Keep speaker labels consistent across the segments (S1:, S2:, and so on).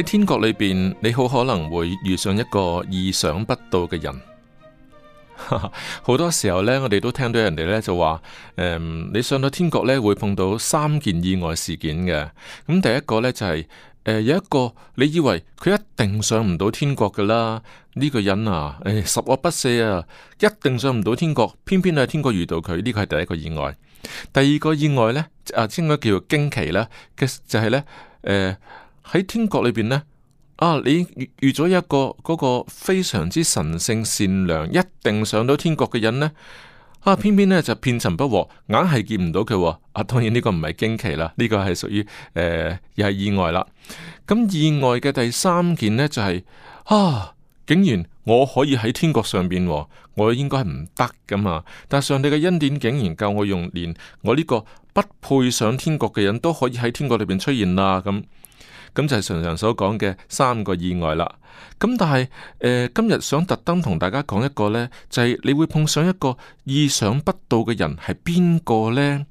S1: 喺天國裏邊，你好可能會遇上一個意想不到嘅人。好 多時候呢，我哋都聽到人哋呢就話、嗯，你上到天國呢，會碰到三件意外事件嘅。咁第一個呢，就係、係呃，有一個你以為佢一定上唔到天國噶啦，呢、呢個人啊，哎、十惡不赦啊，一定上唔到天國，偏偏喺天國遇到佢，呢個係第一個意外。第二個意外呢，啊，應該叫做驚奇啦，就係、係、呢。呃喺天國裏邊呢，啊，你遇咗一個嗰、那個非常之神聖善良，一定上到天國嘅人呢，啊，偏偏呢就遍尋不獲，硬係見唔到佢。啊，當然呢個唔係驚奇啦，呢、這個係屬於誒，又、呃、係意外啦。咁、嗯、意外嘅第三件呢，就係、是、啊，竟然我可以喺天國上邊，我應該係唔得噶嘛，但上帝嘅恩典竟然教我用連我呢個不配上天國嘅人都可以喺天國裏邊出現啦，咁、嗯。咁就係常常所講嘅三個意外啦。咁但係誒，今日想特登同大家講一個呢，就係你會碰上一個意想不到嘅人係邊個呢？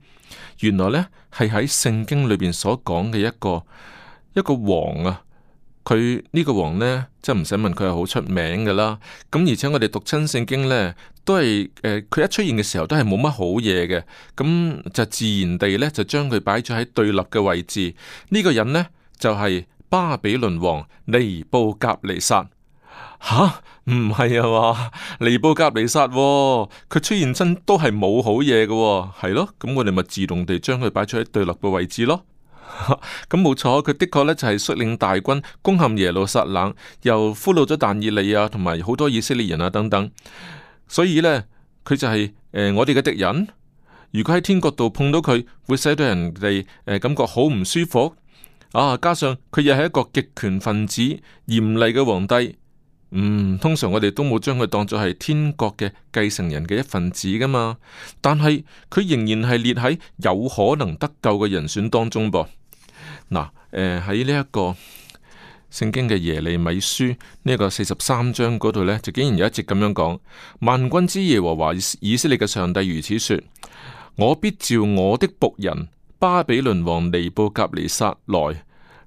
S1: 原來呢係喺聖經裏邊所講嘅一個一個王啊。佢呢個王呢，即係唔使問佢係好出名㗎啦。咁而且我哋讀親聖經呢，都係誒，佢一出現嘅時候都係冇乜好嘢嘅。咁就自然地呢，就將佢擺咗喺對立嘅位置。呢個人呢。就係巴比倫王尼布甲尼撒吓，唔係啊嘛？尼布甲尼撒，佢、哦、出現真都係冇好嘢嘅，哦，係咯、哦？咁我哋咪自動地將佢擺咗喺對立嘅位置咯。咁冇錯，佢的確呢就係率領大軍攻陷耶路撒冷，又俘虜咗但以理啊，同埋好多以色列人啊等等。所以呢，佢就係、是、誒、呃、我哋嘅敵人。如果喺天國度碰到佢，會使到人哋誒、呃、感覺好唔舒服。啊！加上佢又係一個極權分子、嚴厲嘅皇帝。嗯，通常我哋都冇將佢當作係天國嘅繼承人嘅一份子噶嘛。但係佢仍然係列喺有可能得救嘅人選當中噃。嗱、啊，誒喺呢一個聖經嘅耶利米書呢個四十三章嗰度呢，就竟然有一節咁樣講：萬軍之耶和華，以色列嘅上帝如此說：我必召我的僕人。巴比倫王尼布甲尼撒來，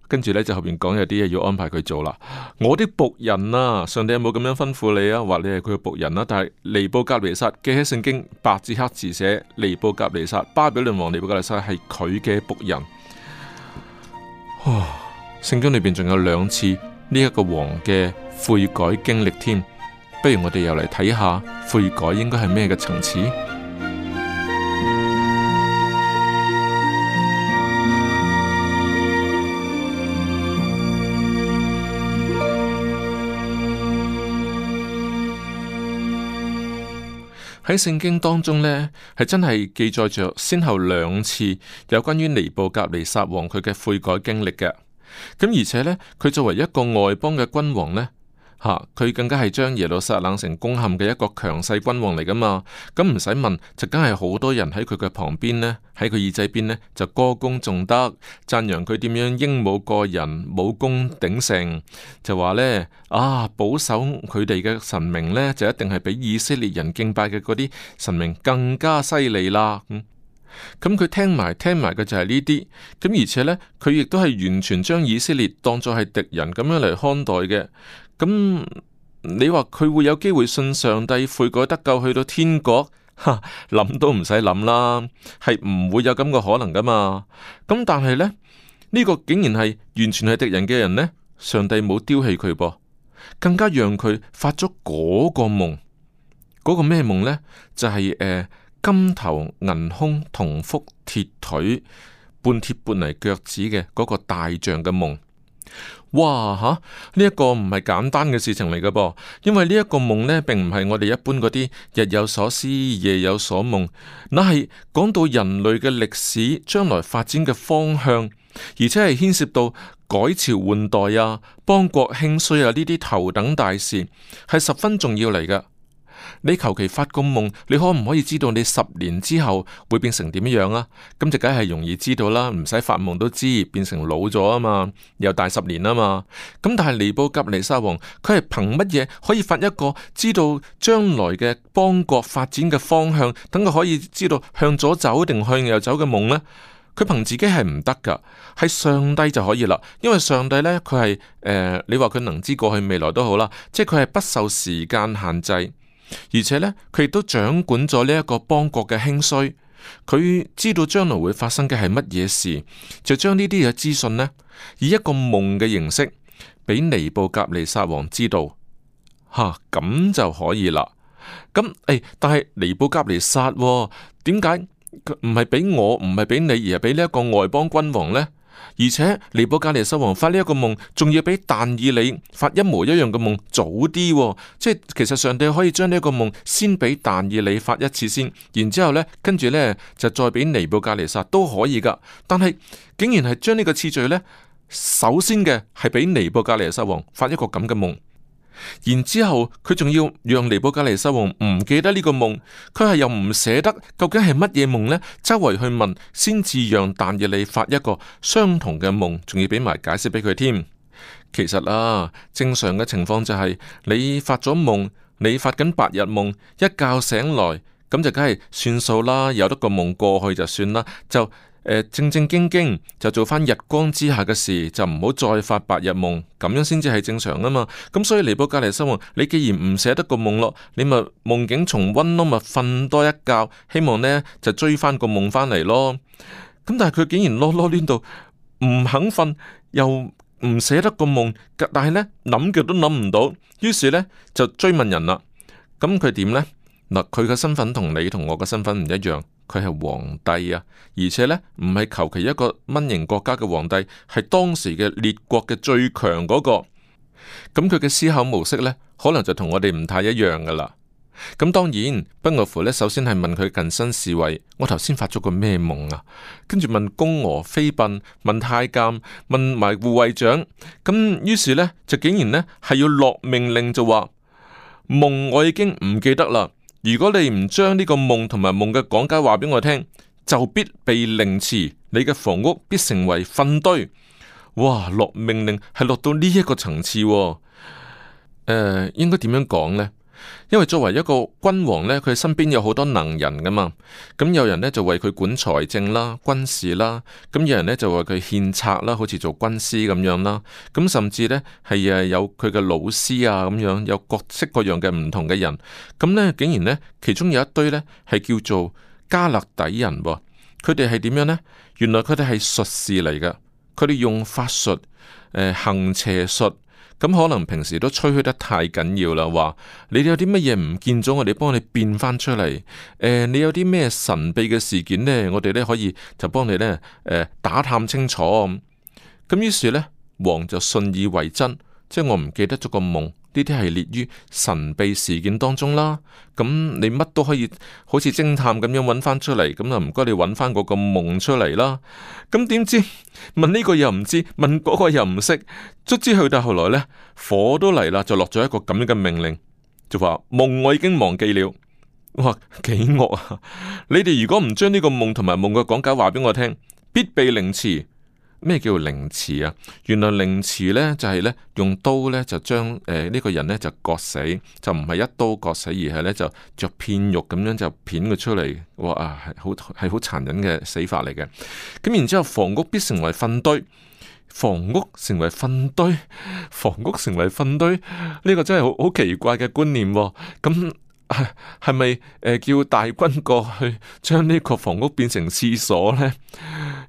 S1: 跟住呢就後邊講有啲嘢要安排佢做啦。我啲僕人啊，上帝有冇咁樣吩咐你啊？話你係佢嘅僕人啦、啊。但係尼布甲尼撒記起聖經白字黑字寫尼布甲尼撒，巴比倫王尼布甲尼撒係佢嘅僕人。哇！聖經裏邊仲有兩次呢一個王嘅悔改經歷添，不如我哋又嚟睇下悔改應該係咩嘅層次？喺聖經當中呢，係真係記載着先後兩次有關於尼布甲尼撒王佢嘅悔改經歷嘅。咁而且呢，佢作為一個外邦嘅君王呢。吓，佢、啊、更加係將耶路撒冷城攻陷嘅一個強勢君王嚟噶嘛，咁唔使問就梗係好多人喺佢嘅旁邊呢，喺佢耳仔邊呢，就歌功頌德，讚揚佢點樣英武過人，武功鼎盛，就話呢，啊，保守佢哋嘅神明呢，就一定係比以色列人敬拜嘅嗰啲神明更加犀利啦。嗯咁佢聽埋聽埋嘅就係呢啲，咁而且呢，佢亦都係完全將以色列當作係敵人咁樣嚟看待嘅。咁你話佢會有機會信上帝悔改得救去到天國？哈，諗都唔使諗啦，係唔會有咁嘅可能噶嘛。咁但係呢，呢、呢個竟然係完全係敵人嘅人呢？上帝冇丟棄佢噃，更加讓佢發咗嗰個夢，嗰、嗰個咩夢呢？就係、係、誒。呃金頭銀胸銅腹鐵腿，半鐵半泥腳趾嘅嗰個大象嘅夢，哇吓！呢一個唔係簡單嘅事情嚟嘅噃，因為呢一個夢呢，並唔係我哋一般嗰啲日有所思夜有所夢，那係講到人類嘅歷史將來發展嘅方向，而且係牽涉到改朝換代啊、邦國興衰啊呢啲頭等大事，係十分重要嚟嘅。你求其發個夢，你可唔可以知道你十年之後會變成點樣啊？咁就梗係容易知道啦，唔使發夢都知變成老咗啊嘛，又大十年啊嘛。咁但係尼布甲尼撒王佢係憑乜嘢可以發一個知道將來嘅邦國發展嘅方向？等佢可以知道向左走定向右走嘅夢呢？佢憑自己係唔得噶，係上帝就可以啦。因為上帝呢，佢係誒，你話佢能知過去未來都好啦，即係佢係不受時間限制。而且呢，佢亦都掌管咗呢一個邦國嘅興衰，佢知道將來會發生嘅係乜嘢事，就將呢啲嘅資訊呢，以一個夢嘅形式，俾尼布甲尼撒王知道，吓咁就可以啦。咁誒，但係、哎、尼布甲尼撒，點解佢唔係俾我，唔係俾你，而係俾呢一個外邦君王呢？而且尼布加尼撒王發呢一個夢，仲要比但以理發一模一樣嘅夢早啲，哦，即係其實上帝可以將呢一個夢先俾但以理發一次先，然之後呢跟住呢，就再畀尼布加尼撒都可以噶，但係竟然係將呢個次序呢，首先嘅係畀尼布加尼撒王發一個咁嘅夢。然之後佢仲要讓尼布加尼修王唔記得呢個夢，佢係又唔捨得究竟係乜嘢夢呢？周圍去問先至讓但以理發一個相同嘅夢，仲要俾埋解釋俾佢添。其實啊，正常嘅情況就係、是、你發咗夢，你發緊白日夢，一覺醒來咁就梗係算數啦，有得個夢過去就算啦，就。正正經經就做返日光之下嘅事，就唔好再發白日夢，咁樣先至係正常啊嘛。咁所以尼布甲尼撒王，你既然唔捨得個夢咯，你咪夢境重溫咯，咪瞓多一覺，希望呢就追返個夢返嚟咯。咁但係佢竟然囉囉攣到唔肯瞓，又唔捨得個夢，但係呢，諗極都諗唔到，於是呢，就追問人啦。咁佢點呢？嗱，佢嘅身份同你同我嘅身份唔一樣。佢係皇帝啊，而且呢，唔係求其一個蚊型國家嘅皇帝，係當時嘅列國嘅最強嗰、那個。咁佢嘅思考模式呢，可能就同我哋唔太一樣噶啦。咁、嗯、當然，不外乎呢，首先係問佢近身侍衛：我頭先發咗個咩夢啊？跟住問宮娥妃嬪，問太監，問埋護衛長。咁、嗯、於是呢，就竟然呢，係要落命令就話夢我已經唔記得啦。如果你唔將呢個夢同埋夢嘅講解話畀我聽，就必被凌遲，你嘅房屋必成為糞堆。哇！落命令係落到呢一個層次、喎，誒、呃，應該點樣講咧？因為作為一個君王咧，佢身邊有好多能人噶嘛，咁有人咧就為佢管財政啦、軍事啦，咁有人咧就為佢獻策啦，好似做軍師咁樣啦，咁甚至咧係誒有佢嘅老師啊咁樣，有各式各樣嘅唔同嘅人，咁咧竟然咧其中有一堆咧係叫做加勒底人喎，佢哋係點樣咧？原來佢哋係術士嚟噶，佢哋用法術誒行邪術。咁可能平時都吹噓得太緊要啦，話你哋有啲乜嘢唔見咗，我哋幫你變翻出嚟。誒、呃，你有啲咩神秘嘅事件呢？我哋咧可以就幫你咧誒、呃、打探清楚。咁，咁於是呢，王就信以為真，即係我唔記得咗個夢。呢啲系列於神秘事件當中啦，咁你乜都可以好似偵探咁樣揾翻出嚟。咁啊，唔該你揾翻嗰個夢出嚟啦，咁點知問呢個又唔知，問嗰個又唔識，卒之，去到後來呢，火都嚟啦，就落咗一個咁樣嘅命令，就話夢我已經忘記了，哇，幾惡啊，你哋如果唔將呢個夢同埋夢嘅講解話俾我聽，必被凌遲。咩叫凌遲啊？原來凌遲咧，就係、是、咧用刀咧就將誒呢個人咧就割死，就唔係一刀割死，而係咧就着片肉咁樣就片佢出嚟。哇啊，係好係好殘忍嘅死法嚟嘅。咁然之後房屋必成為糞堆，房屋成為糞堆，房屋成為糞堆，呢、這個真係好好奇怪嘅觀念、哦。咁係咪誒叫大軍過去將呢個房屋變成廁所呢？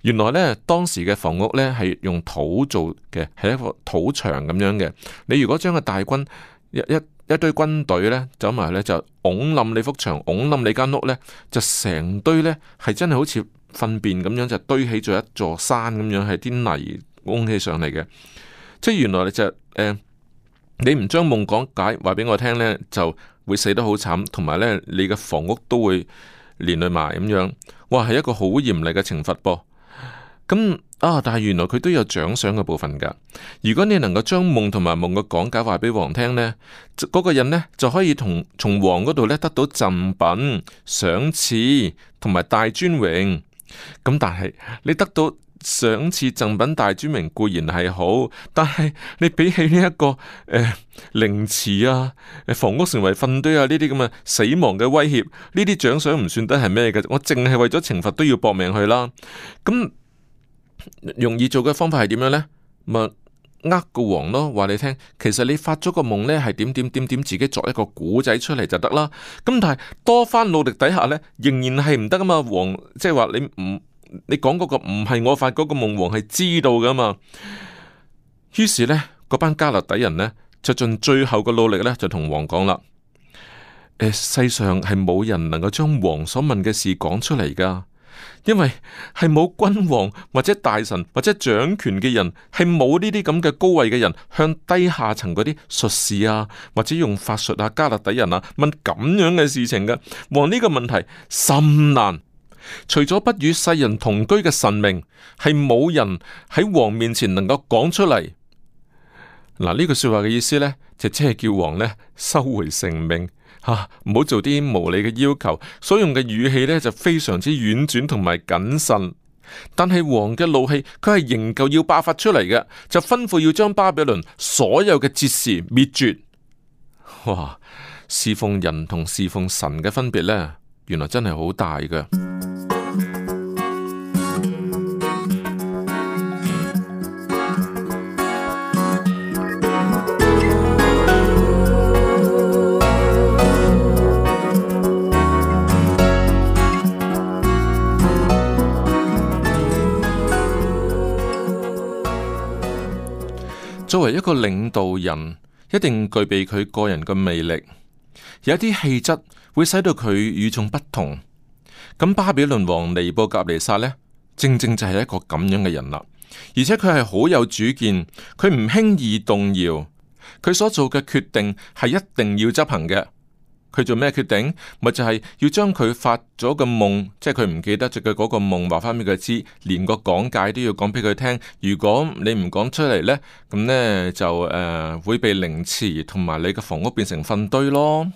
S1: 原來呢，當時嘅房屋呢係用土做嘅，係一個土牆咁樣嘅。你如果將個大軍一一一堆軍隊呢，走埋呢，就拱冧你幅牆，拱冧你間屋呢，就成堆呢，係真係好似糞便咁樣，就堆起咗一座山咁樣，係啲泥拱起上嚟嘅。即係原來你就誒。呃你唔將夢講解話畀我聽呢，就會死得好慘，同埋呢，你嘅房屋都會連累埋咁樣，哇係一個好嚴厲嘅懲罰噃。咁啊，但係原來佢都有獎賞嘅部分噶。如果你能夠將夢同埋夢嘅講解話畀王聽呢，嗰、那個人呢就可以同從王嗰度呢得到贈品、賞賜同埋大尊榮。咁但係你得到。賞賜贈品大尊名固然係好，但係你比起呢一個誒凌遲啊，誒房屋成為糞堆啊呢啲咁嘅死亡嘅威脅，呢啲獎賞唔算得係咩嘅。我淨係為咗懲罰都要搏命去啦。咁容易做嘅方法係點樣咧？咪呃個王咯，話你聽，其實你發咗個夢咧，係點點點點自己作一個古仔出嚟就得啦。咁但係多番努力底下咧，仍然係唔得噶嘛。王即係話你唔。你講嗰個唔係我發嗰個夢，王係知道噶嘛？於是呢，嗰班加勒底人呢，就盡最後嘅努力呢，就同王講啦，誒，世上係冇人能夠將王所問嘅事講出嚟噶，因為係冇君王或者大臣或者掌權嘅人，係冇呢啲咁嘅高位嘅人向低下層嗰啲術士啊，或者用法術啊，加勒底人啊問咁樣嘅事情噶。王呢個問題甚難。除咗不與世人同居嘅神明，係冇人喺王面前能夠講出嚟。嗱呢句說話嘅意思呢，就即係叫王咧收回成命，吓唔好做啲無理嘅要求。所用嘅語氣呢，就非常之婉轉同埋謹慎。但係王嘅怒氣，佢係仍舊要爆發出嚟嘅，就吩咐要將巴比倫所有嘅哲士滅絕。哇！侍奉人同侍奉神嘅分別呢，原來真係好大嘅。 作為一個領導人，一定具備佢個人嘅魅力，有啲氣質會使到佢與眾不同。咁巴比倫王尼布甲尼撒呢，正正就係一個咁樣嘅人啦。而且佢係好有主見，佢唔輕易動搖，佢所做嘅決定係一定要執行嘅。佢做咩決定？咪就係、是、要將佢發咗個夢，即係佢唔記得咗嘅嗰個夢，話翻畀佢知，連個講解都要講畀佢聽。如果你唔講出嚟呢，咁呢就誒、呃、會被凌遲，同埋你嘅房屋變成糞堆咯。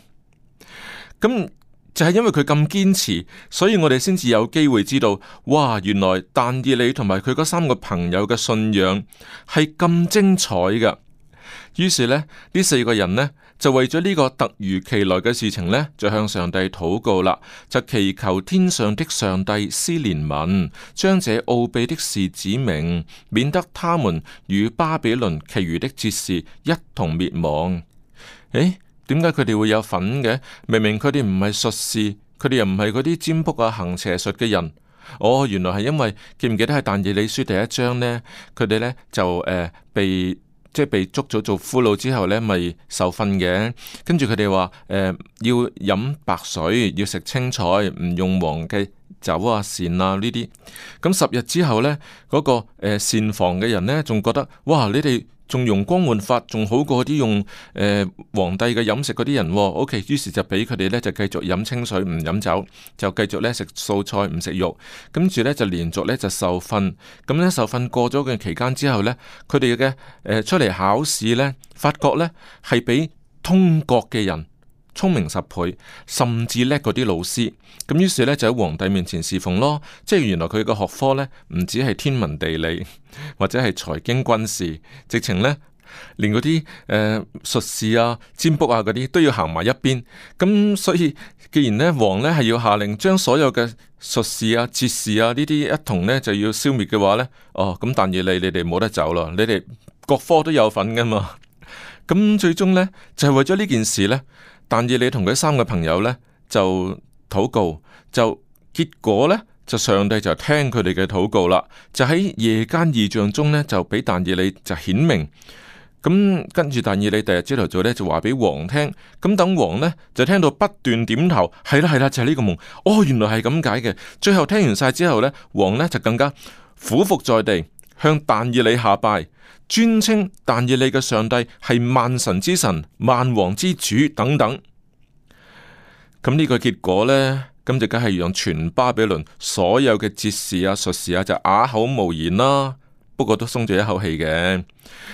S1: 咁就係、是、因為佢咁堅持，所以我哋先至有機會知道，哇！原來但以理同埋佢嗰三個朋友嘅信仰係咁精彩噶。於是呢，呢四個人呢，就為咗呢個突如其來嘅事情呢，就向上帝禱告啦，就祈求天上的上帝施憐憫，將這奧秘的事指明，免得他們與巴比倫其餘的哲士一同滅亡。誒，點解佢哋會有份嘅？明明佢哋唔係術士，佢哋又唔係嗰啲占卜啊行邪術嘅人。哦，原來係因為記唔記得喺但以理書第一章呢？佢哋呢，就誒、呃、被。即係被捉咗做俘虜之後咧，咪受訓嘅。跟住佢哋話：誒、呃、要飲白水，要食青菜，唔用黃嘅酒啊、鹽啊呢啲。咁、嗯、十日之後咧，嗰、那個誒膳、呃、房嘅人咧，仲覺得：哇！你哋仲容光煥發，仲好過啲用誒、呃、皇帝嘅飲食嗰啲人、哦。OK，於是就俾佢哋咧就繼續飲清水，唔飲酒，就繼續咧食素菜，唔食肉。跟住咧就連續咧就受訓，咁、嗯、咧受訓過咗嘅期間之後咧，佢哋嘅誒出嚟考試咧，發覺咧係比通國嘅人，聰明十倍，甚至叻嗰啲老師咁，於是呢，就喺皇帝面前侍奉咯。即係原來佢個學科呢，唔止係天文地理或者係財經軍事，直情呢，連嗰啲誒術士啊、占卜啊嗰啲都要行埋一邊。咁所以既然呢，王呢係要下令將所有嘅術士啊、哲士啊呢啲一同呢就要消滅嘅話呢，哦咁，但係你你哋冇得走咯，你哋各科都有份噶嘛。咁最終呢，就係為咗呢件事呢。但以理同佢三個朋友呢，就禱告，就結果呢，就上帝就聽佢哋嘅禱告啦，就喺夜間異象中呢，就俾但以理就顯明，咁、嗯、跟住但以理第二朝頭早呢，就話俾王聽，咁、嗯、等王呢，就聽到不斷點頭，係啦係啦就係、是、呢個夢，哦原來係咁解嘅，最後聽完晒之後呢，王呢，就更加俯伏在地向但以理下拜。尊稱但以利嘅上帝係萬神之神、萬王之主等等。咁呢個結果呢，咁就梗係讓全巴比倫所有嘅哲士啊、術士啊就啞口無言啦。不過都鬆咗一口氣嘅，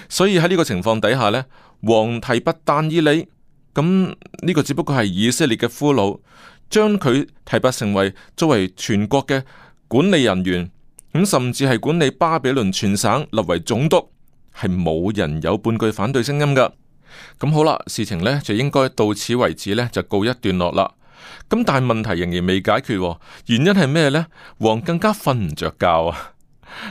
S1: 所以喺呢個情況底下呢，王提拔但以利咁呢個，只不過係以色列嘅俘虜，將佢提拔成為作為全國嘅管理人員咁，甚至係管理巴比倫全省，立為總督。係冇人有半句反對聲音噶，咁好啦，事情呢就應該到此為止呢就告一段落啦。咁但係問題仍然未解決，哦，原因係咩呢？王更加瞓唔着覺啊！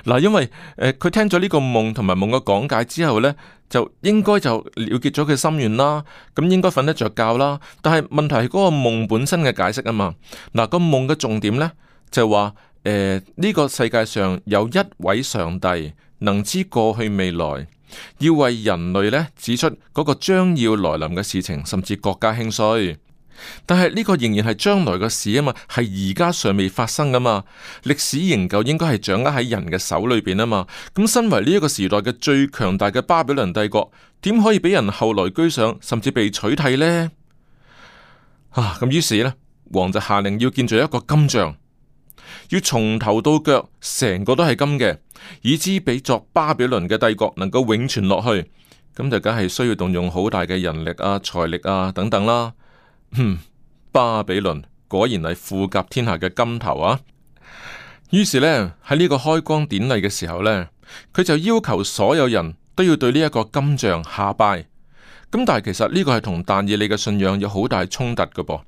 S1: 嗱， 因為佢、呃、聽咗呢個夢同埋夢嘅講解之後呢，就應該就了結咗佢心願啦，咁應該瞓得着覺啦。但係問題係嗰個夢本身嘅解釋啊嘛，嗱，呃，個夢嘅重點呢，就係話，呢，呃呢個世界上有一位上帝。能知過去未來，要為人類咧指出嗰個將要來臨嘅事情，甚至國家興衰。但係呢個仍然係將來嘅事啊嘛，係而家尚未發生啊嘛。歷史仍舊應該係掌握喺人嘅手裏邊啊嘛。咁身為呢一個時代嘅最強大嘅巴比倫帝國，點可以俾人後來居上，甚至被取締呢？啊，咁於是呢，王就下令要建造一個金像，要從頭到腳成個都係金嘅。以知比作巴比倫嘅帝國能夠永存落去，咁就梗係需要動用好大嘅人力啊、財力啊等等啦。哼、嗯，巴比倫果然係富甲天下嘅金頭啊！於是呢，喺呢個開光典禮嘅時候呢，佢就要求所有人都要對呢一個金像下拜。咁但係其實呢個係同但以理嘅信仰有好大衝突嘅噃。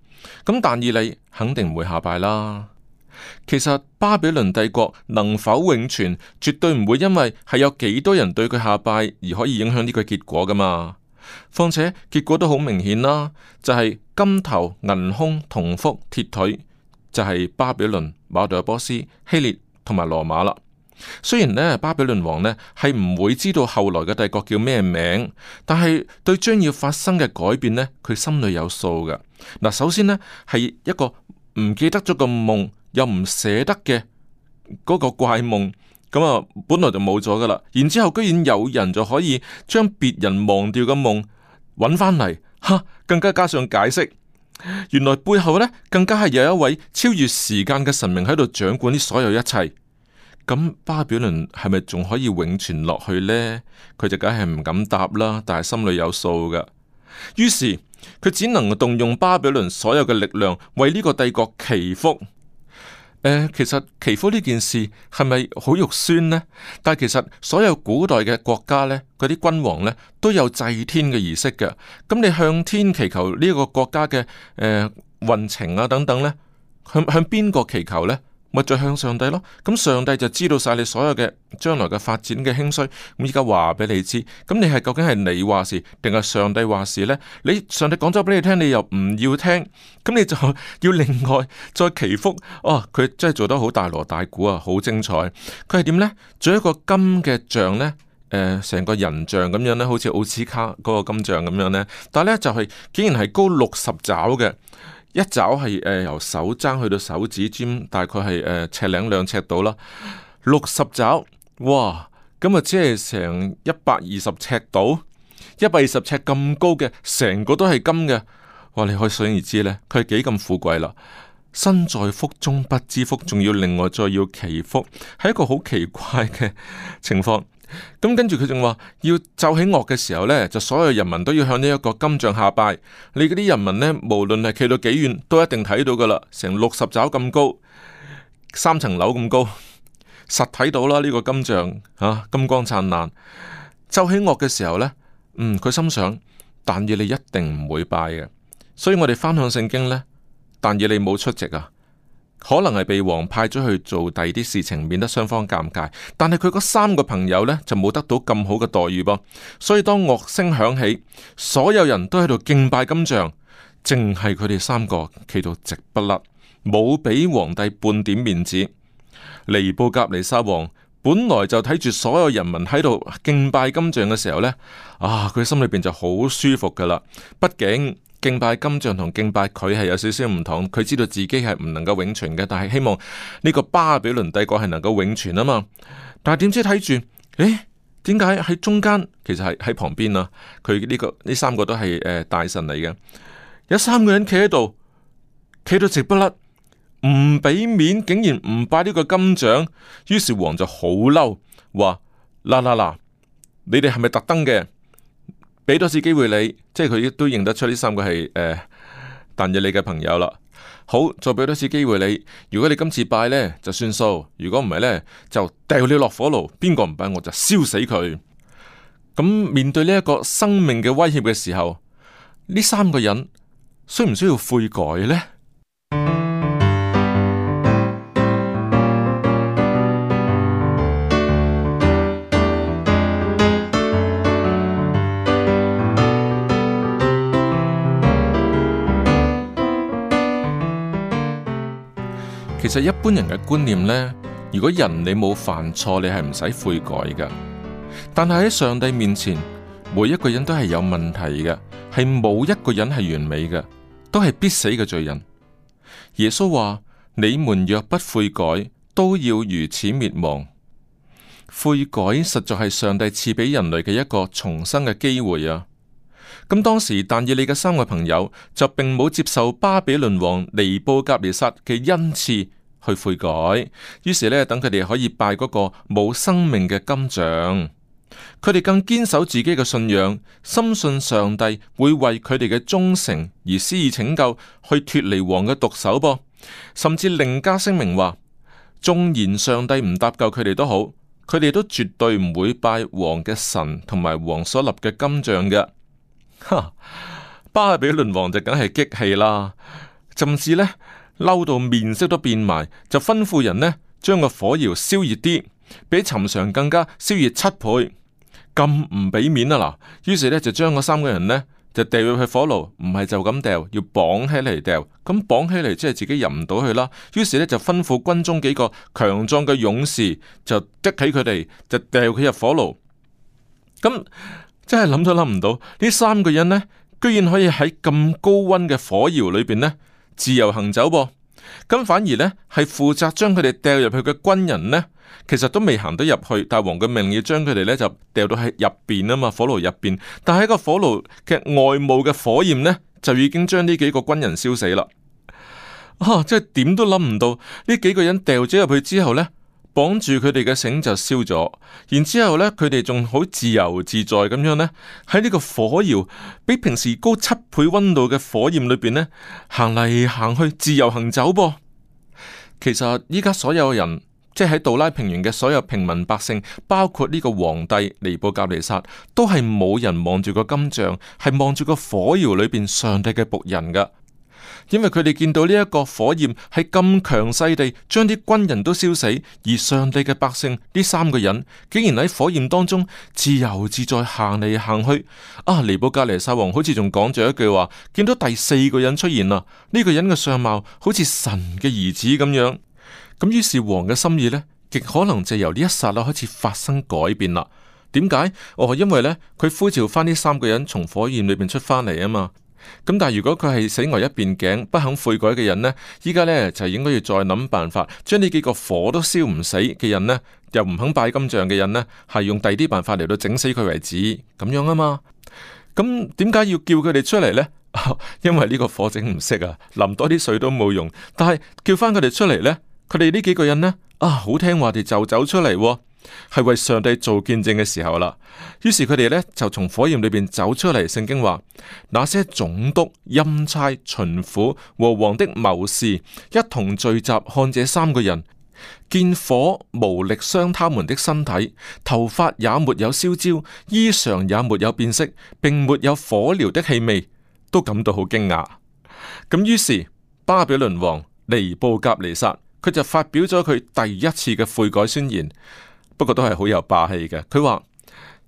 S1: 咁但以理肯定唔會下拜啦。其實巴比倫帝國能否永存，絕對唔會因為係有幾多人對佢下拜而可以影響呢個結果噶嘛。況且結果都好明顯啦，就係金頭銀胸銅腹鐵腿，就係巴比倫、馬代波斯、希臘同埋羅馬啦。雖然呢巴比倫王呢係唔會知道後來嘅帝國叫咩名，但係對將要發生嘅改變呢，佢心裏有數噶。嗱，首先呢係一個唔記得咗個夢。又唔捨得嘅嗰個怪夢，咁啊本來就冇咗噶啦，然之後居然有人就可以將別人忘掉嘅夢揾返嚟，吓，更加加上解釋，原來背後呢，更加係有一位超越時間嘅神明喺度掌管啲所有一切。咁巴比倫係咪仲可以永存落去呢？佢就梗係唔敢答啦，但係心裏有數噶。於是佢只能動用巴比倫所有嘅力量為呢個帝國祈福。誒，其實祈福呢件事係咪好肉酸呢？但係其實所有古代嘅國家咧，嗰啲君王咧都有祭天嘅儀式嘅。咁你向天祈求呢一個國家嘅誒運程啊等等咧，向向邊個祈求咧？咪再向上帝咯，咁上帝就知道晒你所有嘅將來嘅發展嘅興衰，咁依家話俾你知，咁你係究竟係你話事，定係上帝話事呢？你上帝講咗俾你聽，你又唔要聽，咁你就要另外再祈福。哦，佢真係做得好大鑼大鼓啊，好精彩！佢係點呢？做一個金嘅像呢，呃、成個人像咁樣呢，好似奧斯卡嗰個金像咁樣呢。但係、就、呢、是，就係竟然係高六十爪嘅。一爪係誒、呃、由手踭去到手指尖，大概係誒、呃呃呃呃、尺零兩尺度啦。六十爪，哇！咁啊，即係成一百二十尺度，一百二十尺咁高嘅，成個都係金嘅。哇！你可想而知咧，佢係幾咁富貴啦。身在福中不知福，仲要另外再要祈福，係一個好奇怪嘅情況。咁跟住佢仲話，要奏起樂嘅時候呢，就所有人民都要向呢一個金像下拜。你嗰啲人民呢，無論係企到幾遠，都一定睇到噶啦，成六十肘咁高，三層樓咁高，實睇到啦呢個金像啊，金光燦爛。奏起樂嘅時候呢，嗯，佢心想，但以理一定唔會拜嘅。所以我哋返向聖經呢，但以理冇出席啊。可能係被王派咗去做第二啲事情，免得雙方尷尬。但係佢嗰三個朋友呢，就冇得到咁好嘅待遇噃。所以當樂聲響起，所有人都喺度敬拜金像，淨係佢哋三個企到直筆甩，冇俾皇帝半點面子。尼布甲尼撒王本來就睇住所有人民喺度敬拜金像嘅時候呢，啊，佢心裏邊就好舒服噶啦。畢竟。敬拜金像同敬拜佢係有少少唔同，佢知道自己係唔能夠永存嘅，但係希望呢個巴比倫帝國係能夠永存啊嘛。但係點知睇住，誒、欸，點解喺中間，其實係喺旁邊啊。佢呢、這個呢三個都係誒大臣嚟嘅，有三個人企喺度，企到直不甩，唔畀面，竟然唔拜呢個金像，於是王就好嬲，話：嗱嗱嗱，你哋係咪特登嘅？俾多次機會你，即係佢都認得出呢三個係誒、呃，但以理你嘅朋友啦。好，再畀多次機會你。如果你今次拜呢，就算數；如果唔係呢，就掉你落火爐。邊個唔拜我就燒死佢。咁面對呢一個生命嘅威脅嘅時候，呢三個人需唔需要悔改呢？就一般人嘅觀念呢，如果人你冇犯錯，你係唔使悔改噶。但係喺上帝面前，每一個人都係有問題嘅，係冇一個人係完美嘅，都係必死嘅罪人。耶穌話：你們若不悔改，都要如此滅亡。悔改實在係上帝賜俾人類嘅一個重生嘅機會啊！咁當時但以理嘅三位朋友就並冇接受巴比倫王尼布甲尼撒嘅恩賜。去悔改，於是呢，等佢哋可以拜嗰個冇生命嘅金像，佢哋更堅守自己嘅信仰，深信上帝會為佢哋嘅忠誠而施以拯救，去脫離王嘅毒手噃。甚至另加聲明話，縱然上帝唔搭救佢哋都好，佢哋都絕對唔會拜王嘅神同埋王所立嘅金像嘅。哈，巴比倫王就梗係激氣啦，甚至呢。嬲到面色都變埋，就吩咐人呢將個火窑燒熱啲，比尋常更加燒熱七倍，咁唔俾面啊嗱！於是呢就將嗰三個人呢就掉入去火爐，唔係就咁掉，要綁起嚟掉，咁綁起嚟即係自己入唔到去啦。於是呢，就吩咐軍中幾個強壯嘅勇士，就執起佢哋，就掉佢入火爐。咁真係諗都諗唔到，呢三個人呢，居然可以喺咁高溫嘅火窑裏邊呢。自由行走噃，咁反而呢，係負責將佢哋掉入去嘅軍人呢，其實都未行得入去，大王嘅命要將佢哋呢，就掉到喺入邊啊嘛，火爐入邊，但係喺個火爐嘅外部嘅火焰呢，就已經將呢幾個軍人燒死啦！啊，即係點都諗唔到呢幾個人掉咗入去之後呢。綁住佢哋嘅繩就燒咗，然之後咧佢哋仲好自由自在咁樣呢，喺呢個火窯比平時高七倍溫度嘅火焰裏邊呢，行嚟行去自由行走噃。其實依家所有人，即係喺杜拉平原嘅所有平民百姓，包括呢個皇帝尼布甲尼撒，都係冇人望住個金像，係望住個火窯裏邊上帝嘅僕人噶。因為佢哋見到呢一個火焰係咁強勢地將啲軍人都燒死，而上帝嘅百姓呢三個人竟然喺火焰當中自由自在行嚟行去。啊，尼布甲尼撒王好似仲講咗一句話：見到第四個人出現啦，呢、這個人嘅相貌好似神嘅兒子咁樣。咁於是王嘅心意呢，極可能就由呢一剎那開始發生改變啦。點解？我、哦、係因為呢，佢呼召翻呢三個人從火焰裏面出翻嚟啊嘛。咁但係如果佢係死牛一邊頸，不肯悔改嘅人呢，依家呢，就應該要再諗辦法，將呢幾個火都燒唔死嘅人呢，又唔肯拜金像嘅人呢，係用第二啲辦法嚟到整死佢為止，咁樣啊嘛。咁點解要叫佢哋出嚟呢、啊？因為呢個火整唔熄啊，淋多啲水都冇用。但係叫翻佢哋出嚟呢，佢哋呢幾個人呢，啊好聽話，哋就走出嚟，啊。係為上帝做見證嘅時候啦，於是佢哋呢，就從火焰裏邊走出嚟。聖經話：那些總督、欽差、巡撫和王的謀士一同聚集看這三個人，見火無力傷他們的身體，頭髮也沒有燒焦，衣裳也沒有變色，並沒有火燎的氣味，都感到好驚訝。咁於是巴比倫王尼布甲尼撒，佢就發表咗佢第一次嘅悔改宣言。不過都係好有霸氣嘅。佢話，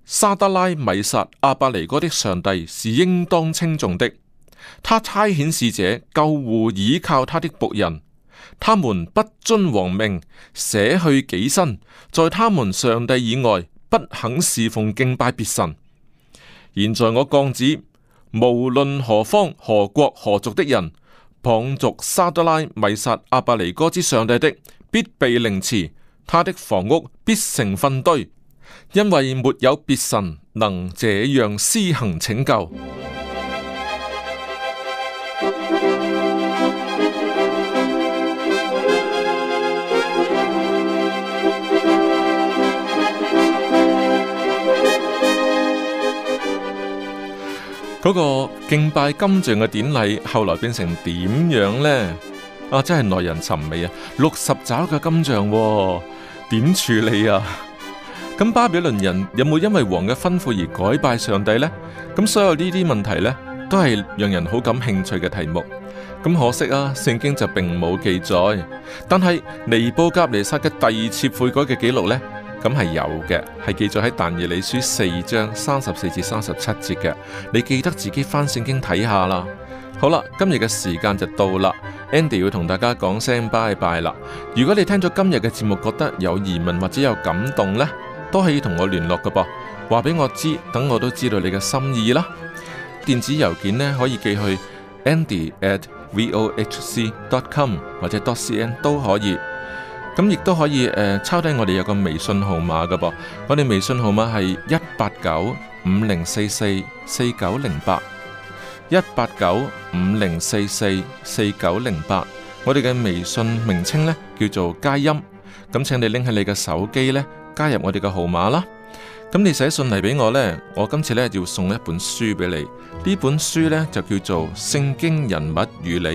S1: 沙得拉、米煞、阿伯尼哥的上帝是應當稱頌的。他差遣使者救護倚靠他的僕人，他們不遵王命，捨去己身，在他們上帝以外不肯侍奉敬拜別神。現在我降旨，無論何方何國何族的人，傍族沙得拉、米煞、阿伯尼哥之上帝的必備，必被凌遲。他的房屋必成糞堆，因為沒有別神能這樣施行拯救。嗰個敬拜金像嘅典禮後來變成點樣呢？啊，真係耐人尋味啊！六十爪嘅金像。點處理啊？咁巴比倫人有冇因為王嘅吩咐而改拜上帝呢？咁所有呢啲問題呢，都係讓人好感興趣嘅題目。咁可惜啊，聖經就並冇記載。但係尼布甲尼撒嘅第二次悔改嘅記錄呢，咁係有嘅，係記載喺但以理書四章三十四至三十七節嘅。你記得自己翻聖經睇下啦。好啦，今日嘅時間就到啦，Andy 要同大家講聲拜拜啦。如果你聽咗今日嘅節目覺得有疑問或者有感動呢，都可以同我聯絡㗎噃，話俾我知，等我都知道你嘅心意啦。電子郵件呢可以寄去 Andy at vohc.com 或者 dot cn 都可以。咁亦都可以誒、呃、抄低我哋有個微信號碼㗎噃，我哋微信號碼係一八九五零四四四九零八。一八九五零四四四九零八，8, 我哋嘅微信名稱呢叫做佳音，咁請你拎起你嘅手機呢，加入我哋嘅號碼啦。咁你寫信嚟俾我呢，我今次呢要送一本書俾你，呢本書呢，就叫做《聖經人物與你》，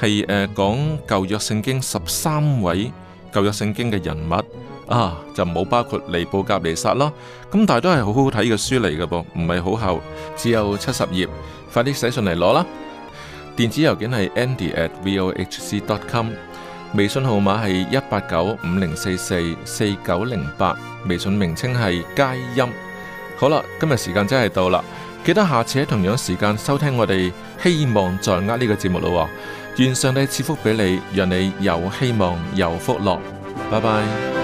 S1: 係誒、呃、講舊約聖經十三位舊約聖經嘅人物。啊，就冇包括尼布甲尼撒咯。咁但係都係好好睇嘅書嚟嘅噃，唔係好厚，只有七十頁。快啲寫上嚟攞啦！電子郵件係 andy at vohc dot com，微信號碼係一八九五零四四四九零八，微信名稱係佳音。好啦，今日時間真係到啦，記得下次喺同樣時間收聽我哋希望在握呢個節目咯。願上帝賜福俾你，讓你有希望有福樂。拜拜。